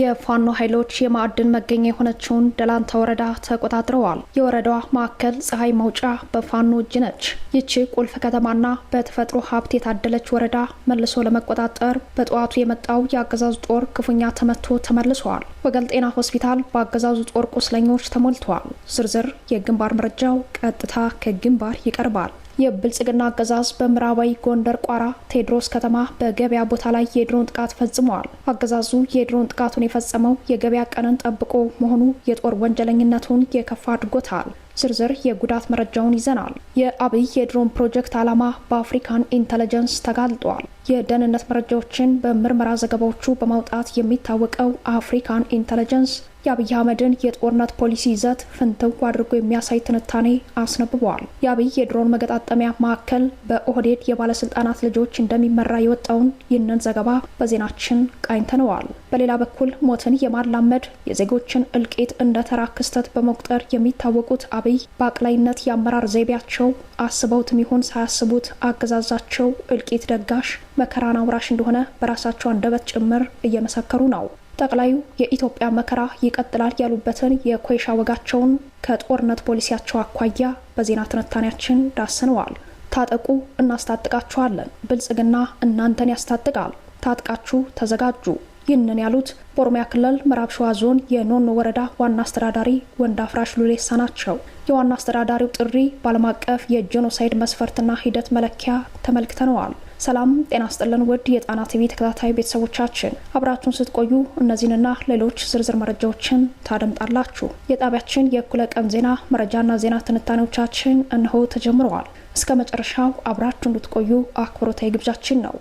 የፋኖ ኃይሎች የማዕድን መገኛ የሆነችውን ደላንታ ወረዳ ተቆጣጥረዋል። የወረዳዋ ማዕከል ፀሐይ መውጫ በፋኖ እጅ ነች። ይቺ ቁልፍ ከተማና በተፈጥሮ ሀብት የታደለች ወረዳ መልሶ ለመቆጣጠር በጠዋቱ የመጣው የአገዛዙ ጦር ክፉኛ ተመቶ ተመልሰዋል። ወገል ጤና ሆስፒታል በአገዛዙ ጦር ቁስለኞች ተሞልተዋል። ዝርዝር የግንባር መረጃው ቀጥታ ከግንባር ይቀርባል። የብልጽግና አገዛዝ በምዕራባዊ ጎንደር ቋራ ቴዎድሮስ ከተማ በገበያ ቦታ ላይ የድሮን ጥቃት ፈጽመዋል። አገዛዙ የድሮን ጥቃቱን የፈጸመው የገበያ ቀንን ጠብቆ መሆኑ የጦር ወንጀለኝነቱን የከፋ አድርጎታል። ዝርዝር የጉዳት መረጃውን ይዘናል። የአብይ የድሮን ፕሮጀክት ዓላማ በአፍሪካን ኢንተለጀንስ ተጋልጧል። የደህንነት መረጃዎችን በምርመራ ዘገባዎቹ በማውጣት የሚታወቀው አፍሪካን ኢንተለጀንስ የአብይ አህመድን የጦርነት ፖሊሲ ይዘት ፍንትው አድርጎ የሚያሳይ ትንታኔ አስነብበዋል። የአብይ የድሮን መገጣጠሚያ ማዕከል በኦህዴድ የባለስልጣናት ልጆች እንደሚመራ የወጣውን ይህንን ዘገባ በዜናችን ቃኝተነዋል። በሌላ በኩል ሞትን የማላመድ የዜጎችን እልቂት እንደ ተራ ክስተት በመቁጠር የሚታወቁት አብይ በአቅላይነት የአመራር ዘይቤያቸው አስበውትም ይሁን ሳያስቡት አገዛዛቸው እልቂት ደጋሽ፣ መከራን አውራሽ እንደሆነ በራሳቸው አንደበት ጭምር እየመሰከሩ ነው። ጠቅላዩ የኢትዮጵያ መከራ ይቀጥላል ያሉበትን የኮይሻ ወጋቸውን ከጦርነት ፖሊሲያቸው አኳያ በዜና ትንታኔያችን ዳስነዋል። ታጠቁ፣ እናስታጥቃችኋለን። ብልጽግና እናንተን ያስታጥቃል። ታጥቃችሁ ተዘጋጁ። ይህንን ያሉት በኦሮሚያ ክልል ምዕራብ ሸዋ ዞን የኖኖ ወረዳ ዋና አስተዳዳሪ ወንድ አፍራሽ ሉሌሳ ናቸው። የዋና አስተዳዳሪው ጥሪ በዓለም አቀፍ የጄኖሳይድ መስፈርትና ሂደት መለኪያ ተመልክተነዋል። ሰላም ጤና ስጥልን ውድ የጣና ቲቪ ተከታታይ ቤተሰቦቻችን አብራችሁን ስትቆዩ እነዚህንና ሌሎች ዝርዝር መረጃዎችን ታደምጣላችሁ። የጣቢያችን የእኩለ ቀን ዜና መረጃና ዜና ትንታኔዎቻችን እነሆ ተጀምረዋል። እስከ መጨረሻው አብራችሁ እንድትቆዩ አክብሮታዊ ግብዣችን ነው።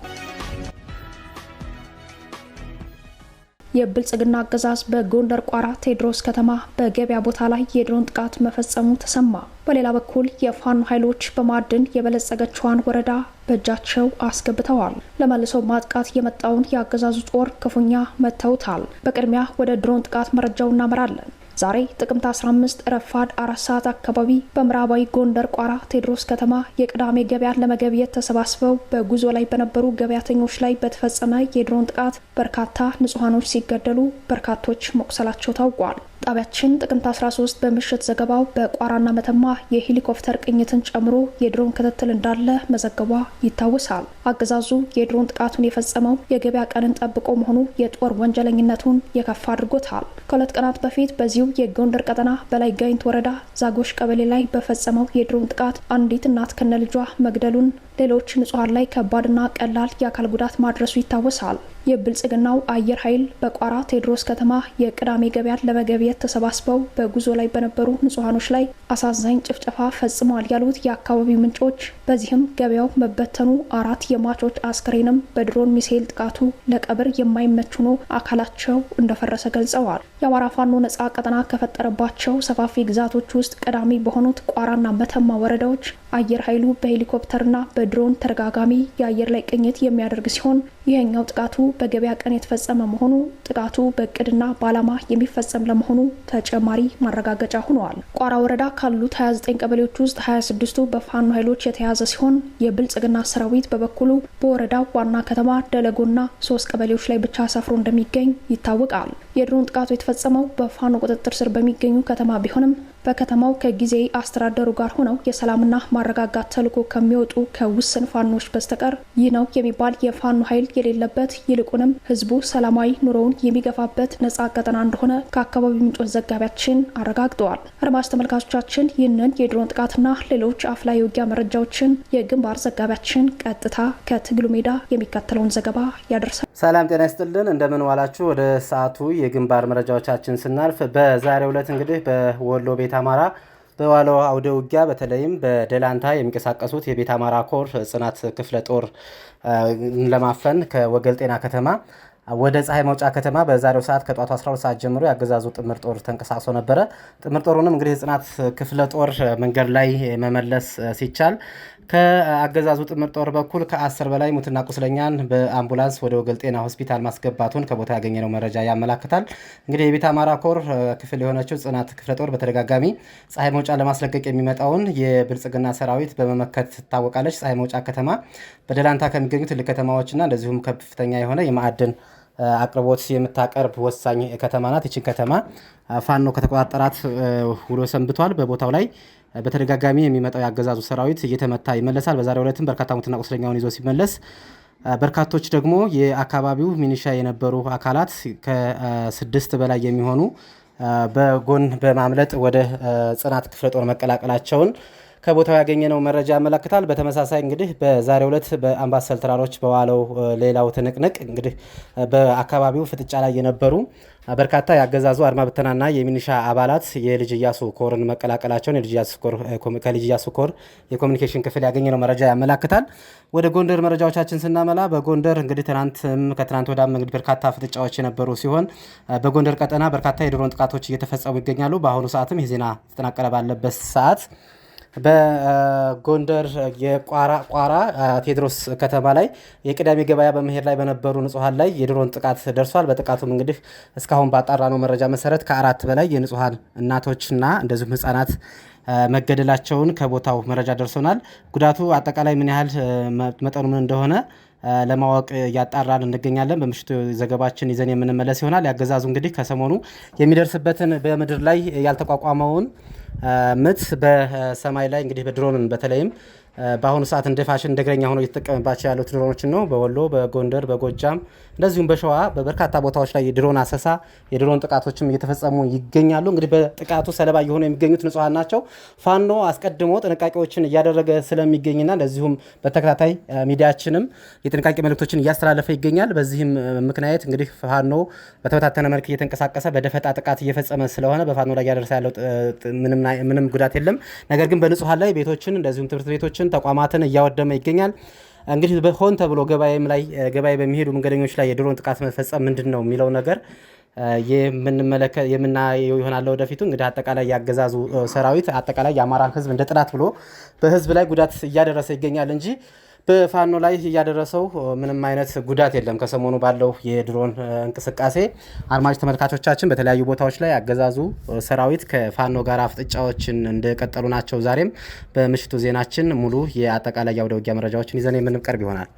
የብልጽግና አገዛዝ በጎንደር ቋራ ቴዎድሮስ ከተማ በገበያ ቦታ ላይ የድሮን ጥቃት መፈጸሙ ተሰማ። በሌላ በኩል የፋኖ ኃይሎች በማዕድን የበለጸገችዋን ወረዳ በእጃቸው አስገብተዋል። ለመልሶ ማጥቃት የመጣውን የአገዛዙ ጦር ክፉኛ መተውታል። በቅድሚያ ወደ ድሮን ጥቃት መረጃው እናመራለን። ዛሬ ጥቅምት 15 ረፋድ አራት ሰዓት አካባቢ በምዕራባዊ ጎንደር ቋራ ቴዎድሮስ ከተማ የቅዳሜ ገበያን ለመገብየት ተሰባስበው በጉዞ ላይ በነበሩ ገበያተኞች ላይ በተፈጸመ የድሮን ጥቃት በርካታ ንጹሐኖች ሲገደሉ በርካቶች መቁሰላቸው ታውቋል። ጣቢያችን ጥቅምት 13 በምሽት ዘገባው በቋራና መተማ የሄሊኮፕተር ቅኝትን ጨምሮ የድሮን ክትትል እንዳለ መዘገቧ ይታወሳል። አገዛዙ የድሮን ጥቃቱን የፈጸመው የገበያ ቀንን ጠብቆ መሆኑ የጦር ወንጀለኝነቱን የከፋ አድርጎታል። ከሁለት ቀናት በፊት በዚሁ የጎንደር ቀጠና በላይ ጋይንት ወረዳ ዛጎሽ ቀበሌ ላይ በፈጸመው የድሮን ጥቃት አንዲት እናት ከነ ልጇ መግደሉን ሌሎች ንጹሐን ላይ ከባድና ቀላል የአካል ጉዳት ማድረሱ ይታወሳል። የብልጽግናው አየር ኃይል በቋራ ቴዎድሮስ ከተማ የቅዳሜ ገበያን ለመገብየት ተሰባስበው በጉዞ ላይ በነበሩ ንጹሐኖች ላይ አሳዛኝ ጭፍጨፋ ፈጽመዋል ያሉት የአካባቢው ምንጮች፣ በዚህም ገበያው መበተኑ አራት የሟቾች አስክሬንም በድሮን ሚሳኤል ጥቃቱ ለቀብር የማይመች ሆኖ አካላቸው እንደፈረሰ ገልጸዋል። የአማራ ፋኖ ነጻ ቀጠና ከፈጠረባቸው ሰፋፊ ግዛቶች ውስጥ ቀዳሚ በሆኑት ቋራና መተማ ወረዳዎች አየር ኃይሉ በሄሊኮፕተርና በድሮን ተደጋጋሚ የአየር ላይ ቅኝት የሚያደርግ ሲሆን ይህኛው ጥቃቱ በገበያ ቀን የተፈጸመ መሆኑ ጥቃቱ በእቅድና በዓላማ የሚፈጸም ለመሆኑ ተጨማሪ ማረጋገጫ ሆነዋል። ቋራ ወረዳ ካሉት 29 ቀበሌዎች ውስጥ 26ቱ በፋኖ ኃይሎች የተያዘ ሲሆን የብልጽግና ሰራዊት በበኩሉ በወረዳው ዋና ከተማ ደለጎና ሶስት ቀበሌዎች ላይ ብቻ ሰፍሮ እንደሚገኝ ይታወቃል። የድሮን ጥቃቱ የተፈጸመው በፋኖ ቁጥጥር ስር በሚገኙ ከተማ ቢሆንም በከተማው ከጊዜ አስተዳደሩ ጋር ሆነው የሰላምና ማረጋጋት ተልዕኮ ከሚወጡ ከውስን ፋኖች በስተቀር ይህ ነው የሚባል የፋኖ ኃይል የሌለበት ይልቁንም ህዝቡ ሰላማዊ ኑሮውን የሚገፋበት ነጻ ቀጠና እንደሆነ ከአካባቢው ምንጮች ዘጋቢያችን አረጋግጠዋል። አድማጭ ተመልካቾቻችን ይህንን የድሮን ጥቃትና ሌሎች አፍላ የውጊያ መረጃዎችን የግንባር ዘጋቢያችን ቀጥታ ከትግሉ ሜዳ የሚከተለውን ዘገባ ያደርሳል። ሰላም ጤና ይስጥልን፣ እንደምን ዋላችሁ። ወደ ሰዓቱ የግንባር መረጃዎቻችን ስናልፍ በዛሬው ዕለት እንግዲህ በወሎ ቤታ አማራ በዋለው አውደ ውጊያ በተለይም በደላንታ የሚንቀሳቀሱት የቤት አማራ ኮር ጽናት ክፍለ ጦር ለማፈን ከወገል ጤና ከተማ ወደ ፀሐይ መውጫ ከተማ በዛሬው ሰዓት ከጠዋቱ 12 ሰዓት ጀምሮ ያገዛዙ ጥምር ጦር ተንቀሳቅሶ ነበረ። ጥምር ጦሩንም እንግዲህ የጽናት ክፍለ ጦር መንገድ ላይ መመለስ ሲቻል ከአገዛዙ ጥምር ጦር በኩል ከአስር በላይ ሙትና ቁስለኛን በአምቡላንስ ወደ ወገል ጤና ሆስፒታል ማስገባቱን ከቦታ ያገኘነው መረጃ ያመላክታል። እንግዲህ የቤት አማራ ኮር ክፍል የሆነችው ጽናት ክፍለ ጦር በተደጋጋሚ ፀሐይ መውጫ ለማስለቀቅ የሚመጣውን የብልጽግና ሰራዊት በመመከት ትታወቃለች። ፀሐይ መውጫ ከተማ በደላንታ ከሚገኙ ትልቅ ከተማዎችና እንደዚሁም ከፍተኛ የሆነ የማዕድን አቅርቦት የምታቀርብ ወሳኝ ከተማ ናት። ይችን ከተማ ፋኖ ከተቆጣጠራት ውሎ ሰንብቷል። በቦታው ላይ በተደጋጋሚ የሚመጣው የአገዛዙ ሰራዊት እየተመታ ይመለሳል። በዛሬ ዕለትም በርካታ ሙትና ቁስለኛውን ይዞ ሲመለስ በርካቶች ደግሞ የአካባቢው ሚኒሻ የነበሩ አካላት ከስድስት በላይ የሚሆኑ በጎን በማምለጥ ወደ ጽናት ክፍለ ጦር መቀላቀላቸውን ከቦታው ያገኘነው መረጃ ያመለክታል። በተመሳሳይ እንግዲህ በዛሬው ዕለት በአምባሰል ተራሮች በዋለው ሌላው ትንቅንቅ እንግዲህ በአካባቢው ፍጥጫ ላይ የነበሩ በርካታ የአገዛዙ አድማ ብተናና የሚኒሻ አባላት የልጅ ኢያሱ ኮርን መቀላቀላቸውን ከልጅ ኢያሱ ኮር የኮሚኒኬሽን ክፍል ነው መረጃ ያመላክታል። ወደ ጎንደር መረጃዎቻችን ስናመላ በጎንደር እንግዲህ ትናንትም ከትናንት ወዳም እንግዲህ በርካታ ፍጥጫዎች የነበሩ ሲሆን በጎንደር ቀጠና በርካታ የድሮን ጥቃቶች እየተፈጸሙ ይገኛሉ። በአሁኑ ሰዓትም የዜና ተጠናቀረ ባለበት ሰዓት በጎንደር የቋራ ቋራ ቴዎድሮስ ከተማ ላይ የቅዳሜ ገበያ በመሄድ ላይ በነበሩ ንጹሐን ላይ የድሮን ጥቃት ደርሷል። በጥቃቱም እንግዲህ እስካሁን ባጣራነው መረጃ መሰረት ከአራት በላይ የንጹሐን እናቶችና እንደዚሁም ህጻናት መገደላቸውን ከቦታው መረጃ ደርሶናል። ጉዳቱ አጠቃላይ ምን ያህል መጠኑ ምን እንደሆነ ለማወቅ እያጣራን እንገኛለን። በምሽቱ ዘገባችን ይዘን የምንመለስ ይሆናል። ያገዛዙ እንግዲህ ከሰሞኑ የሚደርስበትን በምድር ላይ ያልተቋቋመውን ምት በሰማይ ላይ እንግዲህ በድሮንን በተለይም በአሁኑ ሰዓት እንደ ፋሽን እንደ እግረኛ ሆኖ እየተጠቀምባቸው ያሉት ድሮኖችን ነው። በወሎ፣ በጎንደር፣ በጎጃም እንደዚሁም በሸዋ በበርካታ ቦታዎች ላይ የድሮን አሰሳ የድሮን ጥቃቶችም እየተፈጸሙ ይገኛሉ። እንግዲህ በጥቃቱ ሰለባ እየሆኑ የሚገኙት ንጹሐን ናቸው። ፋኖ አስቀድሞ ጥንቃቄዎችን እያደረገ ስለሚገኝና እንደዚሁም በተከታታይ ሚዲያችንም የጥንቃቄ መልእክቶችን እያስተላለፈ ይገኛል። በዚህም ምክንያት እንግዲህ ፋኖ በተበታተነ መልክ እየተንቀሳቀሰ በደፈጣ ጥቃት እየፈጸመ ስለሆነ በፋኖ ላይ እያደረሰ ያለው ምንም ጉዳት የለም። ነገር ግን በንጹሐን ላይ ቤቶችን እንደዚሁም ትምህርት ቤቶችን ተቋማትን እያወደመ ይገኛል። እንግዲህ በሆን ተብሎ ገበያም ላይ ገበያ በሚሄዱ መንገደኞች ላይ የድሮን ጥቃት መፈጸም ምንድን ነው የሚለው ነገር የምንመለከት የምናየው ይሆናል። ወደፊቱ እንግዲህ አጠቃላይ ያገዛዙ ሰራዊት አጠቃላይ የአማራን ህዝብ እንደ ጥናት ብሎ በህዝብ ላይ ጉዳት እያደረሰ ይገኛል እንጂ በፋኖ ላይ እያደረሰው ምንም አይነት ጉዳት የለም። ከሰሞኑ ባለው የድሮን እንቅስቃሴ አድማጭ ተመልካቾቻችን በተለያዩ ቦታዎች ላይ አገዛዙ ሰራዊት ከፋኖ ጋር ፍጥጫዎችን እንደቀጠሉ ናቸው። ዛሬም በምሽቱ ዜናችን ሙሉ የአጠቃላይ አውደ ውጊያ መረጃዎችን ይዘን የምንቀርብ ይሆናል።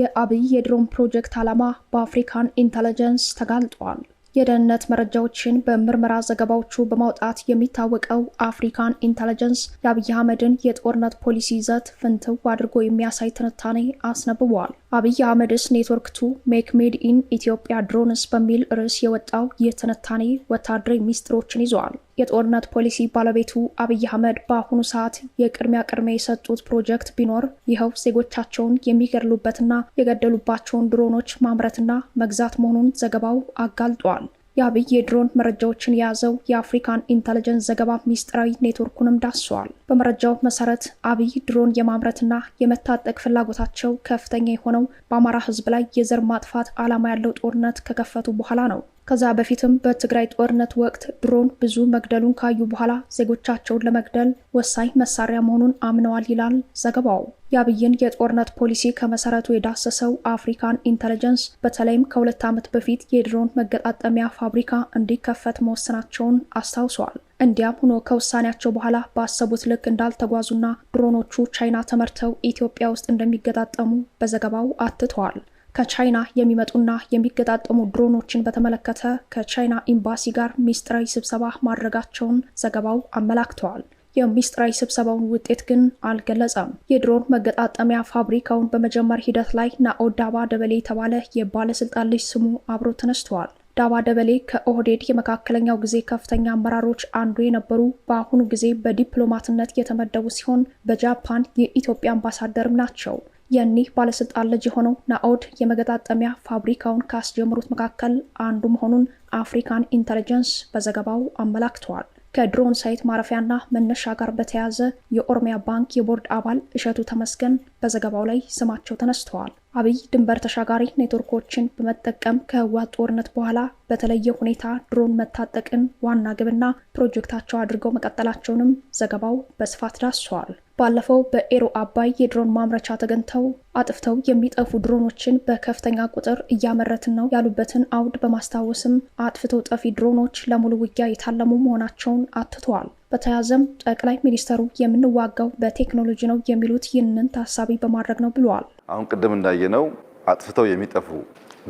የአብይ የድሮን ፕሮጀክት ዓላማ በአፍሪካን ኢንተለጀንስ ተጋልጧል። የደህንነት መረጃዎችን በምርመራ ዘገባዎቹ በማውጣት የሚታወቀው አፍሪካን ኢንተለጀንስ የአብይ አህመድን የጦርነት ፖሊሲ ይዘት ፍንትው አድርጎ የሚያሳይ ትንታኔ አስነብበዋል። አብይ አህመድስ ኔትወርክ ቱ ሜክ ሜድ ኢን ኢትዮጵያ ድሮንስ በሚል ርዕስ የወጣው ይህ ትንታኔ ወታደራዊ ሚስጥሮችን ይዘዋል። የጦርነት ፖሊሲ ባለቤቱ አብይ አህመድ በአሁኑ ሰዓት የቅድሚያ ቅድሚያ የሰጡት ፕሮጀክት ቢኖር ይኸው ዜጎቻቸውን የሚገድሉበትና የገደሉባቸውን ድሮኖች ማምረትና መግዛት መሆኑን ዘገባው አጋልጧል። የአብይ የድሮን መረጃዎችን የያዘው የአፍሪካን ኢንተለጀንስ ዘገባ ሚስጥራዊ ኔትወርኩንም ዳስሰዋል። በመረጃው መሰረት አብይ ድሮን የማምረትና የመታጠቅ ፍላጎታቸው ከፍተኛ የሆነው በአማራ ሕዝብ ላይ የዘር ማጥፋት ዓላማ ያለው ጦርነት ከከፈቱ በኋላ ነው። ከዛ በፊትም በትግራይ ጦርነት ወቅት ድሮን ብዙ መግደሉን ካዩ በኋላ ዜጎቻቸውን ለመግደል ወሳኝ መሳሪያ መሆኑን አምነዋል ይላል ዘገባው። የአብይን የጦርነት ፖሊሲ ከመሰረቱ የዳሰሰው አፍሪካን ኢንተለጀንስ በተለይም ከሁለት ዓመት በፊት የድሮን መገጣጠሚያ ፋብሪካ እንዲከፈት መወሰናቸውን አስታውሰዋል። እንዲያም ሆኖ ከውሳኔያቸው በኋላ ባሰቡት ልክ እንዳልተጓዙና ድሮኖቹ ቻይና ተመርተው ኢትዮጵያ ውስጥ እንደሚገጣጠሙ በዘገባው አትተዋል። ከቻይና የሚመጡና የሚገጣጠሙ ድሮኖችን በተመለከተ ከቻይና ኤምባሲ ጋር ሚስጥራዊ ስብሰባ ማድረጋቸውን ዘገባው አመላክተዋል። የሚስጥራዊ ስብሰባውን ውጤት ግን አልገለጸም። የድሮን መገጣጠሚያ ፋብሪካውን በመጀመር ሂደት ላይ ናኦ ዳባ ደበሌ የተባለ የባለስልጣን ልጅ ስሙ አብሮ ተነስተዋል። ዳባ ደበሌ ከኦህዴድ የመካከለኛው ጊዜ ከፍተኛ አመራሮች አንዱ የነበሩ በአሁኑ ጊዜ በዲፕሎማትነት የተመደቡ ሲሆን በጃፓን የኢትዮጵያ አምባሳደርም ናቸው። የኒህ ባለስልጣን ልጅ የሆነው ናኦድ የመገጣጠሚያ ፋብሪካውን ካስጀምሩት መካከል አንዱ መሆኑን አፍሪካን ኢንተለጀንስ በዘገባው አመላክተዋል። ከድሮን ሳይት ማረፊያና መነሻ ጋር በተያያዘ የኦሮሚያ ባንክ የቦርድ አባል እሸቱ ተመስገን በዘገባው ላይ ስማቸው ተነስተዋል። አብይ ድንበር ተሻጋሪ ኔትወርኮችን በመጠቀም ከህወሓት ጦርነት በኋላ በተለየ ሁኔታ ድሮን መታጠቅን ዋና ግብና ፕሮጀክታቸው አድርገው መቀጠላቸውንም ዘገባው በስፋት ዳስሰዋል። ባለፈው በኤሮ አባይ የድሮን ማምረቻ ተገኝተው አጥፍተው የሚጠፉ ድሮኖችን በከፍተኛ ቁጥር እያመረትን ነው ያሉበትን አውድ በማስታወስም አጥፍቶ ጠፊ ድሮኖች ለሙሉ ውጊያ የታለሙ መሆናቸውን አትተዋል። በተያያዘም ጠቅላይ ሚኒስተሩ የምንዋጋው በቴክኖሎጂ ነው የሚሉት ይህንን ታሳቢ በማድረግ ነው ብለዋል። አሁን ቅድም እንዳየነው አጥፍተው የሚጠፉ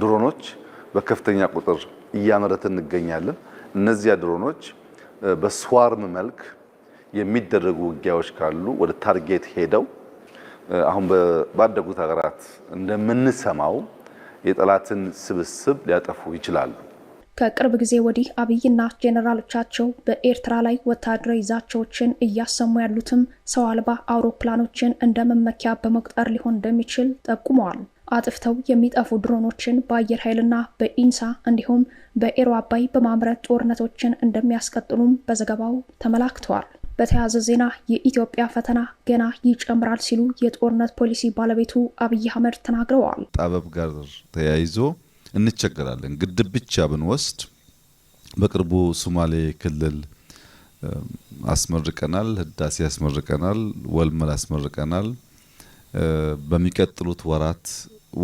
ድሮኖች በከፍተኛ ቁጥር እያመረትን እንገኛለን። እነዚያ ድሮኖች በስዋርም መልክ የሚደረጉ ውጊያዎች ካሉ ወደ ታርጌት ሄደው አሁን ባደጉት ሀገራት እንደምንሰማው የጠላትን ስብስብ ሊያጠፉ ይችላሉ። ከቅርብ ጊዜ ወዲህ አብይና ጄኔራሎቻቸው በኤርትራ ላይ ወታደራዊ ዛቻዎችን እያሰሙ ያሉትም ሰው አልባ አውሮፕላኖችን እንደ መመኪያ በመቁጠር ሊሆን እንደሚችል ጠቁመዋል። አጥፍተው የሚጠፉ ድሮኖችን በአየር ኃይልና በኢንሳ እንዲሁም በኤሮ አባይ በማምረት ጦርነቶችን እንደሚያስቀጥሉም በዘገባው ተመላክተዋል። በተያያዘ ዜና የኢትዮጵያ ፈተና ገና ይጨምራል ሲሉ የጦርነት ፖሊሲ ባለቤቱ አብይ አህመድ ተናግረዋል። ጠበብ ጋር ተያይዞ እንቸገራለን። ግድብ ብቻ ብንወስድ በቅርቡ ሶማሌ ክልል አስመርቀናል፣ ህዳሴ አስመርቀናል፣ ወልመል አስመርቀናል። በሚቀጥሉት ወራት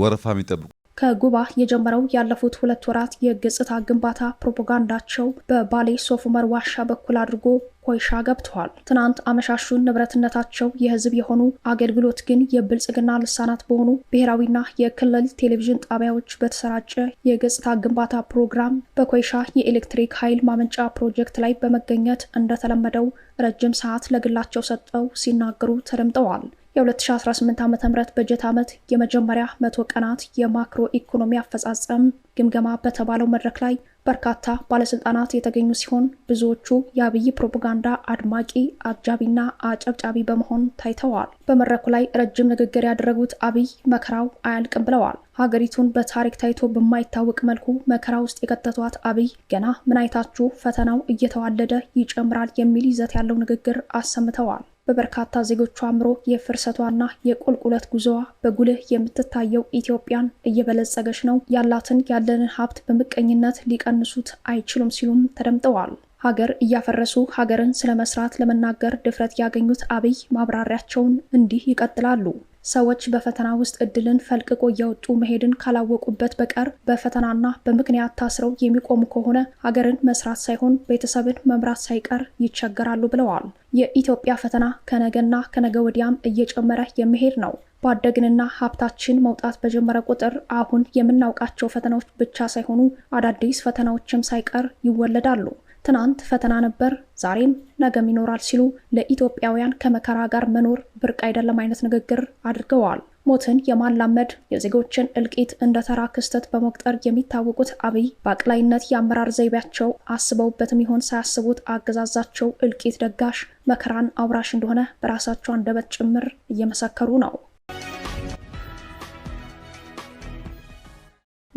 ወረፋ የሚጠብቁ ከጉባ የጀመረው ያለፉት ሁለት ወራት የገጽታ ግንባታ ፕሮፓጋንዳቸው በባሌ ሶፍ ዑመር ዋሻ በኩል አድርጎ ኮይሻ ገብተዋል። ትናንት አመሻሹን ንብረትነታቸው የህዝብ የሆኑ አገልግሎት ግን የብልጽግና ልሳናት በሆኑ ብሔራዊና የክልል ቴሌቪዥን ጣቢያዎች በተሰራጨ የገጽታ ግንባታ ፕሮግራም በኮይሻ የኤሌክትሪክ ኃይል ማመንጫ ፕሮጀክት ላይ በመገኘት እንደተለመደው ረጅም ሰዓት ለግላቸው ሰጠው ሲናገሩ ተደምጠዋል። የ2018 ዓ ም በጀት ዓመት የመጀመሪያ መቶ ቀናት የማክሮ ኢኮኖሚ አፈጻጸም ግምገማ በተባለው መድረክ ላይ በርካታ ባለስልጣናት የተገኙ ሲሆን ብዙዎቹ የአብይ ፕሮፓጋንዳ አድማቂ አጃቢና አጨብጫቢ በመሆን ታይተዋል። በመድረኩ ላይ ረጅም ንግግር ያደረጉት አብይ መከራው አያልቅም ብለዋል። ሀገሪቱን በታሪክ ታይቶ በማይታወቅ መልኩ መከራ ውስጥ የከተቷት አብይ ገና ምን አይታችሁ ፈተናው እየተዋለደ ይጨምራል የሚል ይዘት ያለው ንግግር አሰምተዋል። በበርካታ ዜጎቿ አእምሮ የፍርሰቷና የቁልቁለት ጉዞዋ በጉልህ የምትታየው ኢትዮጵያን እየበለጸገች ነው፣ ያላትን ያለንን ሀብት በምቀኝነት ሊቀንሱት አይችሉም ሲሉም ተደምጠዋል። ሀገር እያፈረሱ ሀገርን ስለ መስራት ለመናገር ድፍረት ያገኙት አብይ ማብራሪያቸውን እንዲህ ይቀጥላሉ። ሰዎች በፈተና ውስጥ እድልን ፈልቅቆ እያወጡ መሄድን ካላወቁበት በቀር በፈተናና በምክንያት ታስረው የሚቆሙ ከሆነ ሀገርን መስራት ሳይሆን ቤተሰብን መምራት ሳይቀር ይቸገራሉ ብለዋል። የኢትዮጵያ ፈተና ከነገና ከነገ ወዲያም እየጨመረ የሚሄድ ነው። ባደግንና ሀብታችን መውጣት በጀመረ ቁጥር አሁን የምናውቃቸው ፈተናዎች ብቻ ሳይሆኑ አዳዲስ ፈተናዎችም ሳይቀር ይወለዳሉ። ትናንት ፈተና ነበር፣ ዛሬም ነገም ይኖራል ሲሉ ለኢትዮጵያውያን ከመከራ ጋር መኖር ብርቅ አይደለም አይነት ንግግር አድርገዋል። ሞትን የማላመድ የዜጎችን እልቂት እንደ ተራ ክስተት በመቁጠር የሚታወቁት አብይ በአቅላይነት የአመራር ዘይቤያቸው አስበውበትም ይሆን ሳያስቡት አገዛዛቸው እልቂት ደጋሽ መከራን አውራሽ እንደሆነ በራሳቸው አንደበት ጭምር እየመሰከሩ ነው።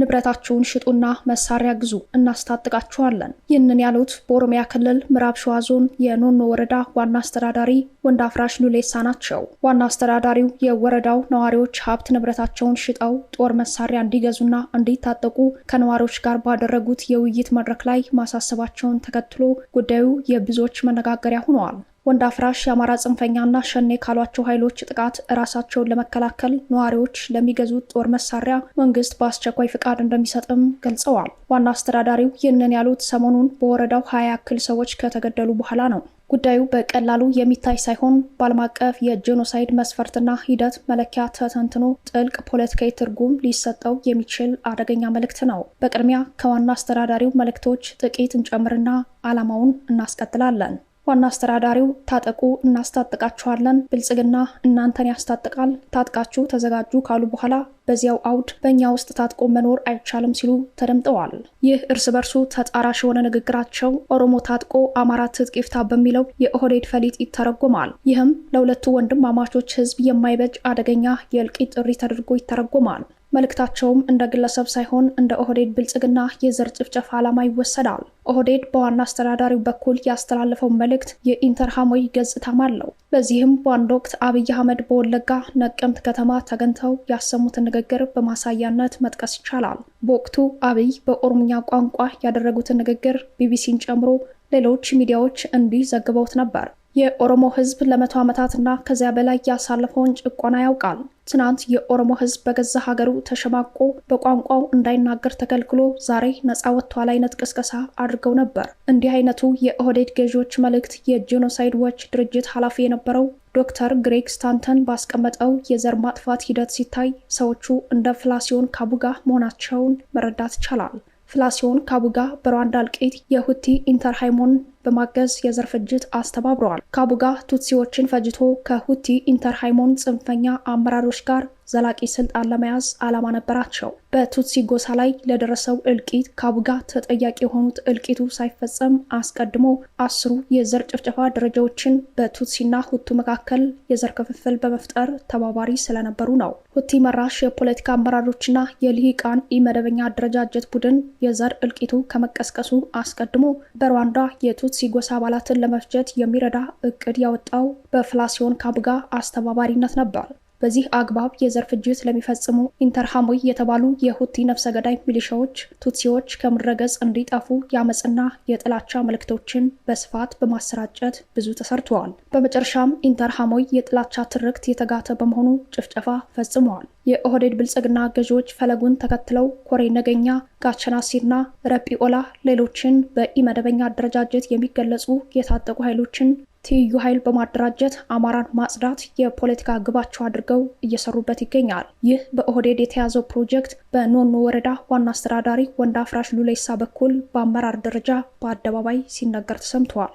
ንብረታችሁን ሽጡና መሳሪያ ግዙ፣ እናስታጥቃችኋለን። ይህንን ያሉት በኦሮሚያ ክልል ምዕራብ ሸዋ ዞን የኖኖ ወረዳ ዋና አስተዳዳሪ ወንድ አፍራሽ ኑሌሳ ናቸው። ዋና አስተዳዳሪው የወረዳው ነዋሪዎች ሀብት ንብረታቸውን ሽጠው ጦር መሳሪያ እንዲገዙና እንዲታጠቁ ከነዋሪዎች ጋር ባደረጉት የውይይት መድረክ ላይ ማሳሰባቸውን ተከትሎ ጉዳዩ የብዙዎች መነጋገሪያ ሆነዋል። ወንድ አፍራሽ የአማራ ጽንፈኛና ሸኔ ካሏቸው ኃይሎች ጥቃት ራሳቸውን ለመከላከል ነዋሪዎች ለሚገዙት ጦር መሳሪያ መንግስት በአስቸኳይ ፍቃድ እንደሚሰጥም ገልጸዋል። ዋና አስተዳዳሪው ይህንን ያሉት ሰሞኑን በወረዳው ሀያ ያክል ሰዎች ከተገደሉ በኋላ ነው። ጉዳዩ በቀላሉ የሚታይ ሳይሆን በዓለም አቀፍ የጄኖሳይድ መስፈርትና ሂደት መለኪያ ተተንትኖ ጥልቅ ፖለቲካዊ ትርጉም ሊሰጠው የሚችል አደገኛ መልእክት ነው። በቅድሚያ ከዋና አስተዳዳሪው መልእክቶች ጥቂት እንጨምርና ዓላማውን እናስቀጥላለን። ዋና አስተዳዳሪው ታጠቁ፣ እናስታጥቃችኋለን፣ ብልጽግና እናንተን ያስታጥቃል፣ ታጥቃችሁ ተዘጋጁ ካሉ በኋላ በዚያው አውድ በእኛ ውስጥ ታጥቆ መኖር አይቻልም ሲሉ ተደምጠዋል። ይህ እርስ በርሱ ተጣራሽ የሆነ ንግግራቸው ኦሮሞ ታጥቆ አማራ ትጥቅ ይፍታ በሚለው የኦህዴድ ፈሊጥ ይተረጎማል። ይህም ለሁለቱ ወንድማማቾች ህዝብ የማይበጅ አደገኛ የእልቂት ጥሪ ተደርጎ ይተረጎማል። መልእክታቸውም እንደ ግለሰብ ሳይሆን እንደ ኦህዴድ ብልጽግና የዘር ጭፍጨፋ ዓላማ ይወሰዳል። ኦህዴድ በዋና አስተዳዳሪው በኩል ያስተላለፈው መልእክት የኢንተርሃሞይ ገጽታም አለው። በዚህም በአንድ ወቅት አብይ አህመድ በወለጋ ነቀምት ከተማ ተገኝተው ያሰሙትን ንግግር በማሳያነት መጥቀስ ይቻላል። በወቅቱ አብይ በኦሮምኛ ቋንቋ ያደረጉትን ንግግር ቢቢሲን ጨምሮ ሌሎች ሚዲያዎች እንዲህ ዘግበውት ነበር። የኦሮሞ ሕዝብ ለመቶ ዓመታትና ከዚያ በላይ ያሳለፈውን ጭቆና ያውቃል። ትናንት የኦሮሞ ሕዝብ በገዛ ሀገሩ ተሸማቆ በቋንቋው እንዳይናገር ተከልክሎ ዛሬ ነፃ ወጥቷል አይነት ቅስቀሳ አድርገው ነበር። እንዲህ አይነቱ የኦህዴድ ገዢዎች መልእክት የጄኖሳይድ ዎች ድርጅት ኃላፊ የነበረው ዶክተር ግሬግ ስታንተን ባስቀመጠው የዘር ማጥፋት ሂደት ሲታይ ሰዎቹ እንደ ፍላሲዮን ካቡጋ መሆናቸውን መረዳት ይቻላል። ፍላሲዮን ካቡጋ በሩዋንዳ እልቂት የሁቲ ኢንተርሃይሞን በማገዝ የዘር ፍጅት አስተባብረዋል። ካቡጋ ቱትሲዎችን ፈጅቶ ከሁቲ ኢንተርሃይሞን ጽንፈኛ አመራሮች ጋር ዘላቂ ስልጣን ለመያዝ ዓላማ ነበራቸው። በቱትሲ ጎሳ ላይ ለደረሰው እልቂት ካቡጋ ተጠያቂ የሆኑት እልቂቱ ሳይፈጸም አስቀድሞ አስሩ የዘር ጭፍጨፋ ደረጃዎችን በቱትሲና ሁቱ መካከል የዘር ክፍፍል በመፍጠር ተባባሪ ስለነበሩ ነው። ሁቲ መራሽ የፖለቲካ አመራሮችና የልሂቃን ኢመደበኛ አደረጃጀት ቡድን የዘር እልቂቱ ከመቀስቀሱ አስቀድሞ በሩዋንዳ የቱት የትሲ ጎሳ አባላትን ለመፍጀት የሚረዳ እቅድ ያወጣው በፍላሲዮን ካብጋ አስተባባሪነት ነበር። በዚህ አግባብ የዘር ፍጅት ለሚፈጽሙ ኢንተርሃሞይ የተባሉ የሁቲ ነፍሰ ገዳይ ሚሊሻዎች ቱትሲዎች ከምድረገጽ እንዲጠፉ የአመፅና የጥላቻ መልእክቶችን በስፋት በማሰራጨት ብዙ ተሰርተዋል። በመጨረሻም ኢንተርሃሞይ የጥላቻ ትርክት የተጋተ በመሆኑ ጭፍጨፋ ፈጽመዋል። የኦህዴድ ብልጽግና ገዢዎች ፈለጉን ተከትለው ኮሬ ነገኛ፣ ጋቸናሲና ረጲኦላ ሌሎችን በኢመደበኛ አደረጃጀት የሚገለጹ የታጠቁ ኃይሎችን ትይዩ ኃይል በማደራጀት አማራን ማጽዳት የፖለቲካ ግባቸው አድርገው እየሰሩበት ይገኛል። ይህ በኦህዴድ የተያዘው ፕሮጀክት በኖኖ ወረዳ ዋና አስተዳዳሪ ወንድ አፍራሽ ሉሌሳ በኩል በአመራር ደረጃ በአደባባይ ሲነገር ተሰምተዋል።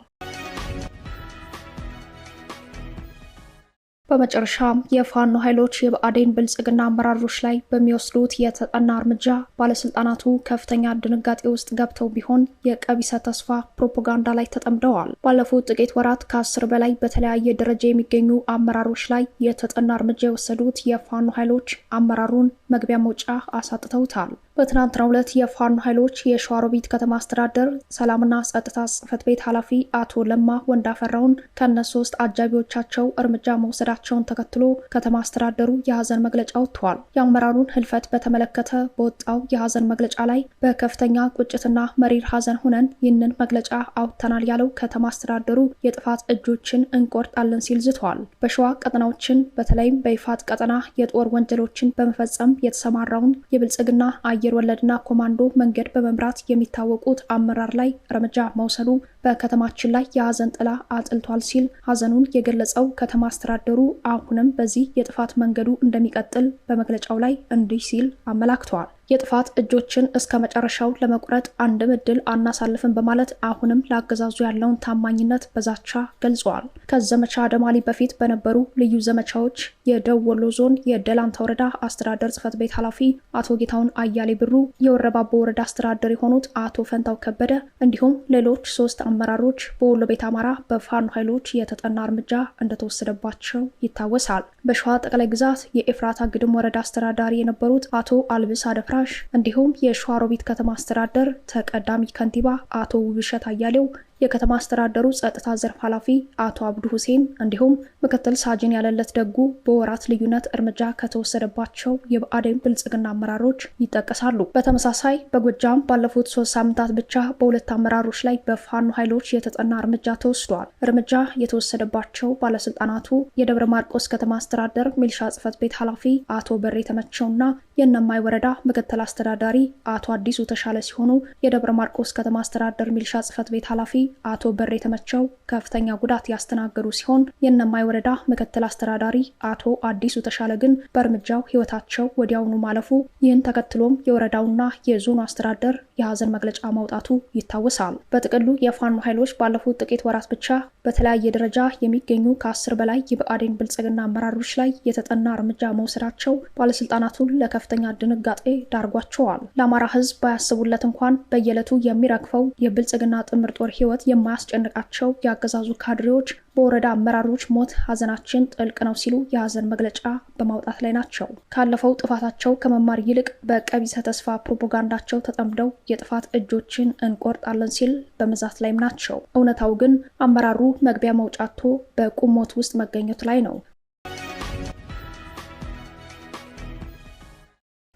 በመጨረሻም የፋኖ ኃይሎች የብአዴን ብልጽግና አመራሮች ላይ በሚወስዱት የተጠና እርምጃ ባለስልጣናቱ ከፍተኛ ድንጋጤ ውስጥ ገብተው ቢሆን የቀቢሰ ተስፋ ፕሮፓጋንዳ ላይ ተጠምደዋል። ባለፉት ጥቂት ወራት ከአስር በላይ በተለያየ ደረጃ የሚገኙ አመራሮች ላይ የተጠና እርምጃ የወሰዱት የፋኖ ኃይሎች አመራሩን መግቢያ መውጫ አሳጥተውታል። በትናንትናው ዕለት የፋኖ ኃይሎች የሸዋሮቢት ከተማ አስተዳደር ሰላምና ጸጥታ ጽሕፈት ቤት ኃላፊ አቶ ለማ ወንዳፈራውን ከነ ሶስት አጃቢዎቻቸው እርምጃ መውሰዳቸውን ተከትሎ ከተማ አስተዳደሩ የሀዘን መግለጫ ወጥተዋል። የአመራሩን ህልፈት በተመለከተ በወጣው የሀዘን መግለጫ ላይ በከፍተኛ ቁጭትና መሪር ሀዘን ሆነን ይህንን መግለጫ አውጥተናል ያለው ከተማ አስተዳደሩ የጥፋት እጆችን እንቆርጣለን ሲል ዝተዋል። በሸዋ ቀጠናዎችን በተለይም በይፋት ቀጠና የጦር ወንጀሎችን በመፈጸም የተሰማራውን የብልጽግና አየ አየር ወለድና ኮማንዶ መንገድ በመምራት የሚታወቁት አመራር ላይ እርምጃ መውሰዱ በከተማችን ላይ የሀዘን ጥላ አጥልቷል ሲል ሀዘኑን የገለጸው ከተማ አስተዳደሩ አሁንም በዚህ የጥፋት መንገዱ እንደሚቀጥል በመግለጫው ላይ እንዲህ ሲል አመላክተዋል። የጥፋት እጆችን እስከ መጨረሻው ለመቁረጥ አንድም እድል አናሳልፍም በማለት አሁንም ለአገዛዙ ያለውን ታማኝነት በዛቻ ገልጸዋል። ከዘመቻ ደማሊ በፊት በነበሩ ልዩ ዘመቻዎች የደወሎ ዞን የደላንታ ወረዳ አስተዳደር ጽህፈት ቤት ኃላፊ አቶ ጌታውን አያሌ ብሩ፣ የወረባቦ ወረዳ አስተዳደር የሆኑት አቶ ፈንታው ከበደ እንዲሁም ሌሎች ሶስት አመራሮች በወሎ ቤት አማራ በፋኖ ኃይሎች የተጠና እርምጃ እንደተወሰደባቸው ይታወሳል። በሸዋ ጠቅላይ ግዛት የኤፍራታ ግድም ወረዳ አስተዳዳሪ የነበሩት አቶ አልብስ አደፍራ አዳራሽ እንዲሁም የሸዋሮቢት ከተማ አስተዳደር ተቀዳሚ ከንቲባ አቶ ውብሸት አያሌው የከተማ አስተዳደሩ ጸጥታ ዘርፍ ኃላፊ አቶ አብዱ ሁሴን እንዲሁም ምክትል ሳጅን ያለለት ደጉ በወራት ልዩነት እርምጃ ከተወሰደባቸው የብአዴን ብልጽግና አመራሮች ይጠቀሳሉ። በተመሳሳይ በጎጃም ባለፉት ሶስት ሳምንታት ብቻ በሁለት አመራሮች ላይ በፋኖ ኃይሎች የተጠና እርምጃ ተወስዷል። እርምጃ የተወሰደባቸው ባለስልጣናቱ የደብረ ማርቆስ ከተማ አስተዳደር ሚልሻ ጽህፈት ቤት ኃላፊ አቶ በሬ ተመቸውና የእነማይ ወረዳ ምክትል አስተዳዳሪ አቶ አዲሱ ተሻለ ሲሆኑ የደብረ ማርቆስ ከተማ አስተዳደር ሚልሻ ጽህፈት ቤት ኃላፊ አቶ በር የተመቸው ከፍተኛ ጉዳት ያስተናገዱ ሲሆን የእነማይ ወረዳ ምክትል አስተዳዳሪ አቶ አዲሱ ተሻለ ግን በእርምጃው ህይወታቸው ወዲያውኑ ማለፉ፣ ይህን ተከትሎም የወረዳውና የዞኑ አስተዳደር የሀዘን መግለጫ ማውጣቱ ይታወሳል። በጥቅሉ የፋኖ ኃይሎች ባለፉት ጥቂት ወራት ብቻ በተለያየ ደረጃ የሚገኙ ከአስር በላይ የብአዴን ብልጽግና አመራሮች ላይ የተጠና እርምጃ መውሰዳቸው ባለስልጣናቱን ለከፍተኛ ድንጋጤ ዳርጓቸዋል። ለአማራ ህዝብ ባያስቡለት እንኳን በየዕለቱ የሚረግፈው የብልጽግና ጥምር ጦር ህይወት ሕይወት የማያስጨንቃቸው የአገዛዙ ካድሬዎች በወረዳ አመራሮች ሞት ሀዘናችን ጥልቅ ነው ሲሉ የሀዘን መግለጫ በማውጣት ላይ ናቸው። ካለፈው ጥፋታቸው ከመማር ይልቅ በቀቢሰ ተስፋ ፕሮፓጋንዳቸው ተጠምደው የጥፋት እጆችን እንቆርጣለን ሲል በመዛት ላይም ናቸው። እውነታው ግን አመራሩ መግቢያ መውጫቶ በቁሞት ውስጥ መገኘት ላይ ነው።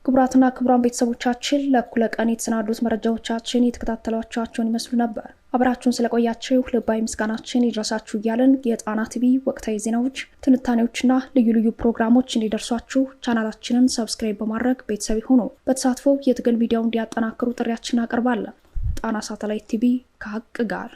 ክቡራትና ክቡራን ቤተሰቦቻችን ለእኩለ ቀን የተሰናዱት መረጃዎቻችን የተከታተሏቸኋቸውን ይመስሉ ነበር። አብራችሁን ስለቆያችሁ ልባዊ ምስጋናችን ይድረሳችሁ እያለን የጣና ቲቪ ወቅታዊ ዜናዎች፣ ትንታኔዎችና ልዩ ልዩ ፕሮግራሞች እንዲደርሷችሁ ቻናላችንን ሰብስክራይብ በማድረግ ቤተሰብ ሆኖ በተሳትፎ የትግል ሚዲያው እንዲያጠናክሩ ጥሪያችን እናቀርባለን። ጣና ሳተላይት ቲቪ ከሀቅ ጋር